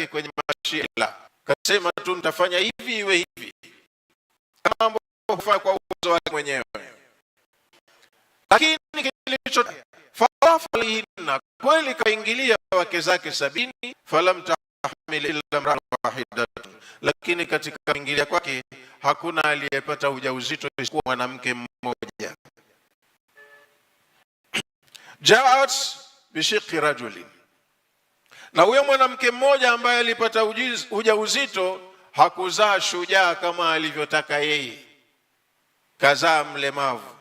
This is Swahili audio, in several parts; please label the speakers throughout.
Speaker 1: yake kwenye mashia, kasema tu nitafanya hivi iwe hivi, mambo hufaa kwa uwezo wake mwenyewe. Lakini kilicho kilichofalafalihinna kweli, kaingilia wake zake sabini, falam tahmil illa mraa wahidatun, lakini katika kuingilia kwake hakuna aliyepata ujauzito isipokuwa mwanamke mmoja. Jaat bishiki rajulin na huyo mwanamke mmoja ambaye alipata ujauzito hakuzaa shujaa kama alivyotaka yeye, kazaa mlemavu.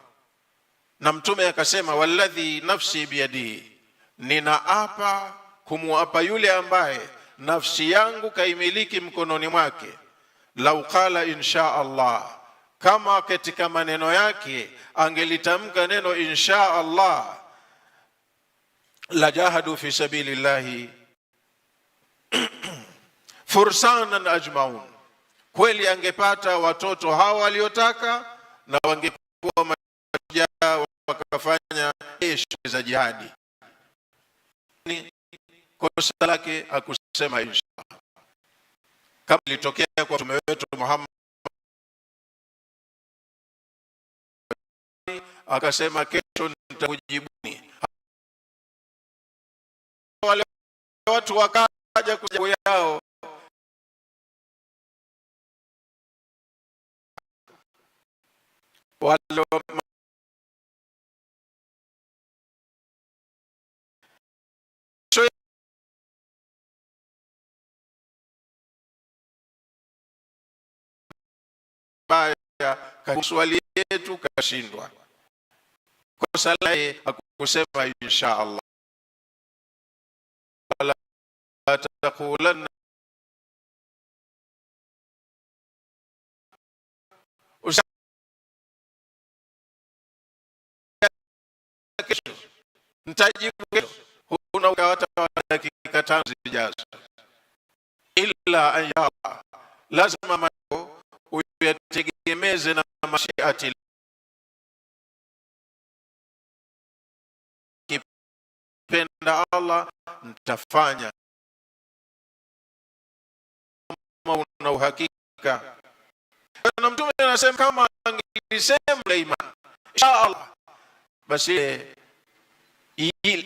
Speaker 1: Na Mtume akasema walladhi nafsi biyadihi, ninaapa kumuapa yule ambaye nafsi yangu kaimiliki mkononi mwake, lau qala insha Allah, kama katika maneno yake angelitamka neno insha Allah, jahadu fi sabilillahi fursanan ajmaun, kweli angepata watoto hawa waliotaka, na wangekuwa mashujaa wakafanya shughuli za jihadi. Kosa lake akusema inshallah, kama ilitokea kwa mtume wetu Muhammad akasema kesho nitakujibuni. Wale watu wakaa haja kuja yao walo baya swali yetu kashindwa kwa sala hakusema insha Allah taqulanna nitajibu kesho. Huna utawata wa dakika tano zijazo, illa an yaa, lazima mambo uyategemeze na mashiati kipenda Allah ntafanya una uhakika. Na Mtume anasema kama angelisema Suleiman, inshaallah basi eh,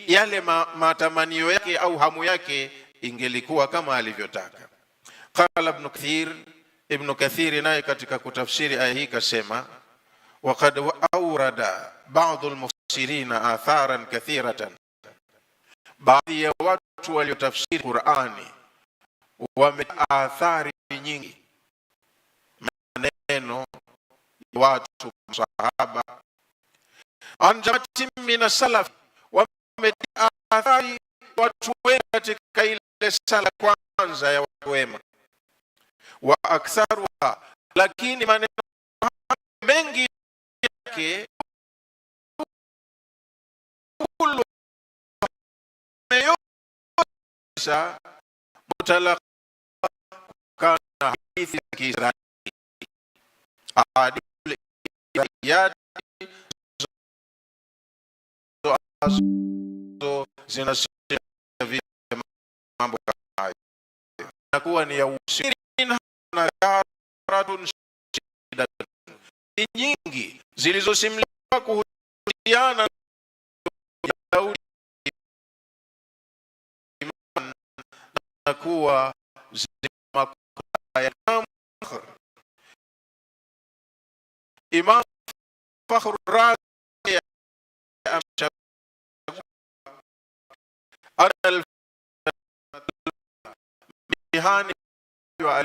Speaker 1: yale matamanio yake au hamu yake ingelikuwa kama alivyotaka. Qala Ibn Kathir, Ibn Kathir naye katika kutafsiri aya hii kasema, waqad awrada ba'd almufassirina atharan kathiratan, baadhi ya watu waliotafsiri Qur'ani wame athari nyingi, maneno ya watu sahaba anjamati mina salaf wametia athari watu wengi katika ile sala kwanza ya watu wema wa aktharuha, lakini maneno mengi yake kan hadithi za Kiisraeli, ahadithi iati ambazo zinashiria mambo hayo nakuwa ni ya usiri na karatun shidatun nyingi zilizosimliwa kuhusiana na kuwa imam fakhr imam fakhr razi amchagua ana mtihani wa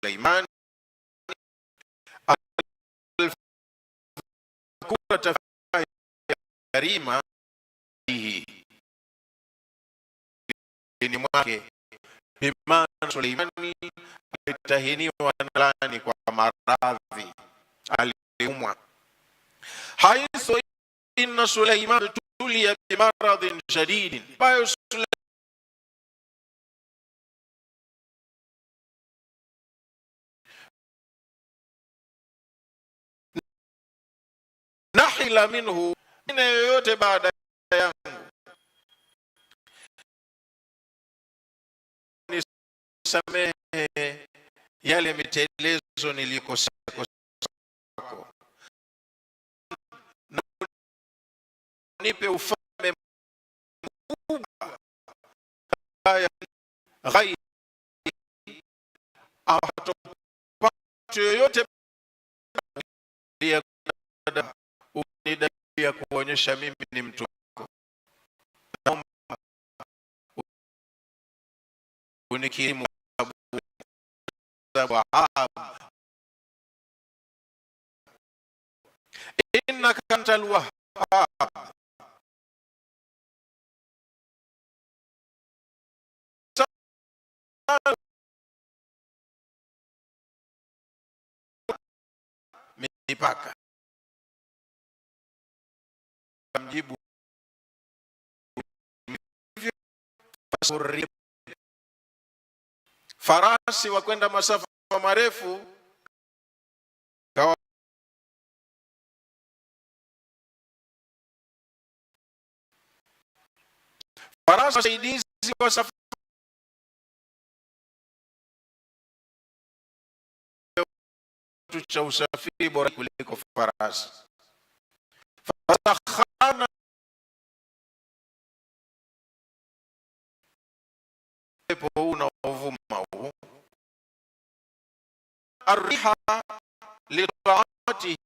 Speaker 1: Suleiman kura tafsiri karima hii ni mwake bima Suleimani alitahiniwa ndani kwa maradhi, aliumwa. Haiso inna Suleiman tulia bimaradhin shadidin, ambayo nahila minhu, ina yoyote baada yangu samehe yale mitelezo nilikosea kwako, na nipe ufalme mkubwa haya ghai ambapo mtu yoyote ni ya kuonyesha mimi ni mtu wako. Naomba unikirimu wa Wahhab, innaka antal Wahhab. mipaka mjibu farasi wa kwenda masafa marefu farasi wasaidizi wa safari cha usafiri bora kuliko farasi. Fasakhana pepo huu na الريح لطاعته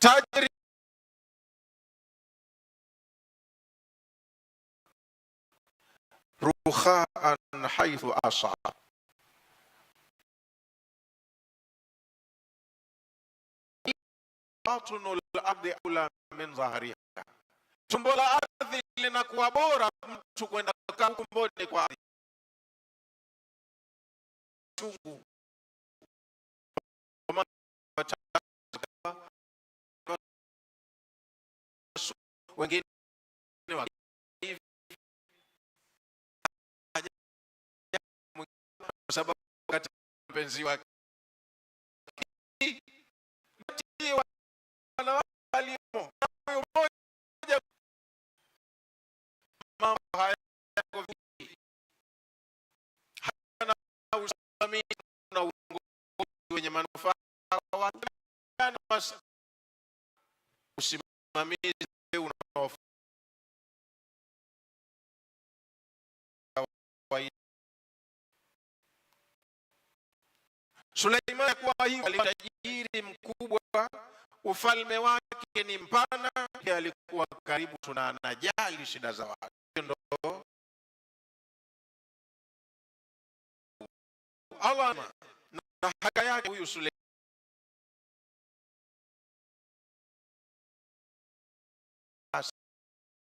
Speaker 1: تجري رخاء حيث أصعب batnul ardi aula min dhahriha, tumbo la ardhi linakuwa bora mtu kwenda kumboni kwa ardhi chungu wengine kwa sababu wakati mpenzi wake mambo haya yako usimamizi na uongozi wenye manufaa usimamizi unaofaa Suleiman kwa hiyo alitajiri mkubwa, ufalme wake ni mpana, alikuwa karibu tuna anajali shida za watu. Allah na haka yake huyu Suleiman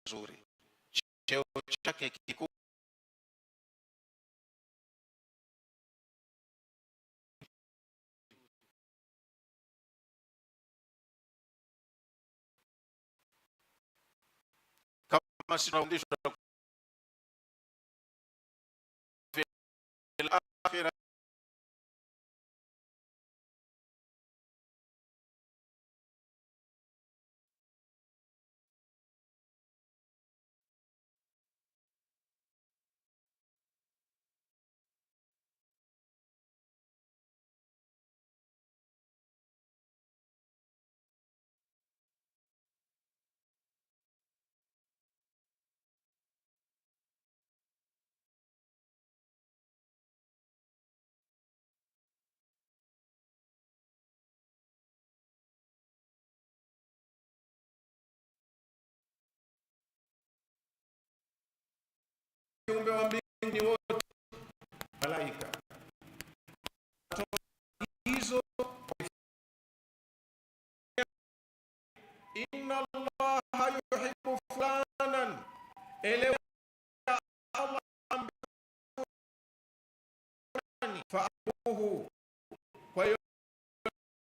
Speaker 1: nzuri, cheo chake kikubwa kama si viumbe wa mbinguni wote, malaika hizo, inna allaha yuhibbu fulanan, elewa Allah faabuhu. Kwa hiyo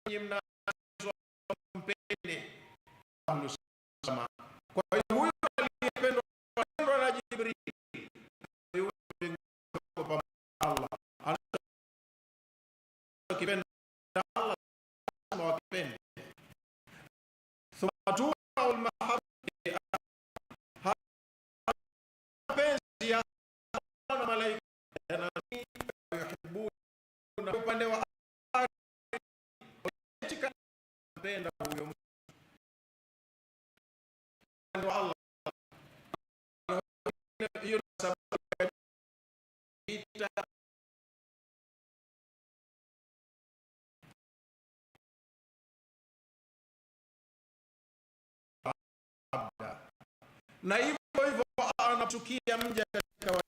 Speaker 1: mnampende mpenda huyo Mungu Allah. Hiyo sababu na hivyo hivyo anatukia mja katika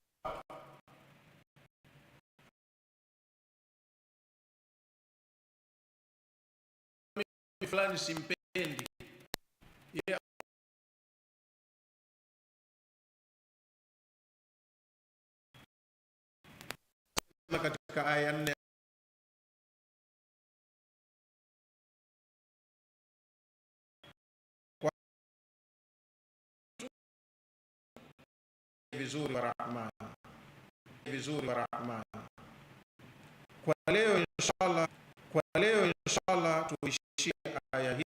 Speaker 1: fulani simpendi, yeah. Katika aya nne vizuri wa Rahman, vizuri wa Kwa leo inshallah, kwa leo inshallah tuishie الآية هي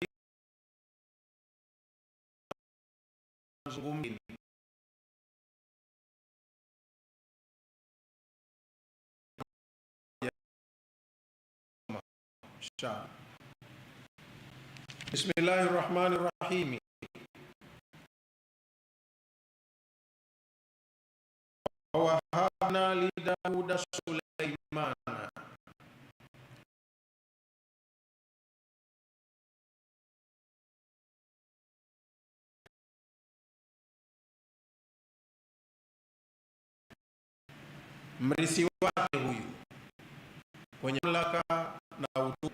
Speaker 1: بسم الله الرحمن الرحيم mrisi wake huyu kwenye mamlaka na utu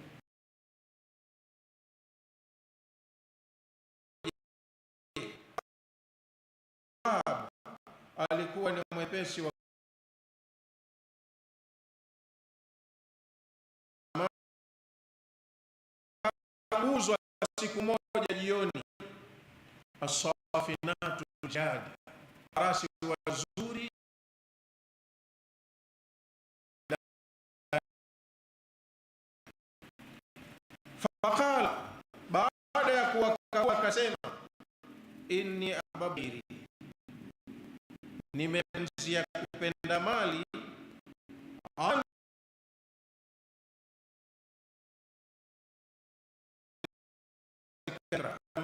Speaker 1: alikuwa ni mwepesi wa kuzwa siku moja jioni, asafinatu jadi farasi wazuri Faqala, baada ya kuwakagua akasema, inni ababiri, nimeanzia kupenda mali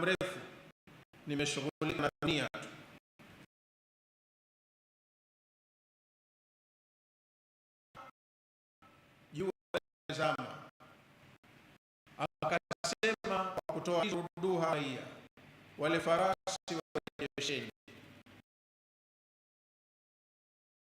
Speaker 1: mrefu, nimeshughulika na dunia tu jua zama wa kutoa duha raia, wale farasi wa jeshini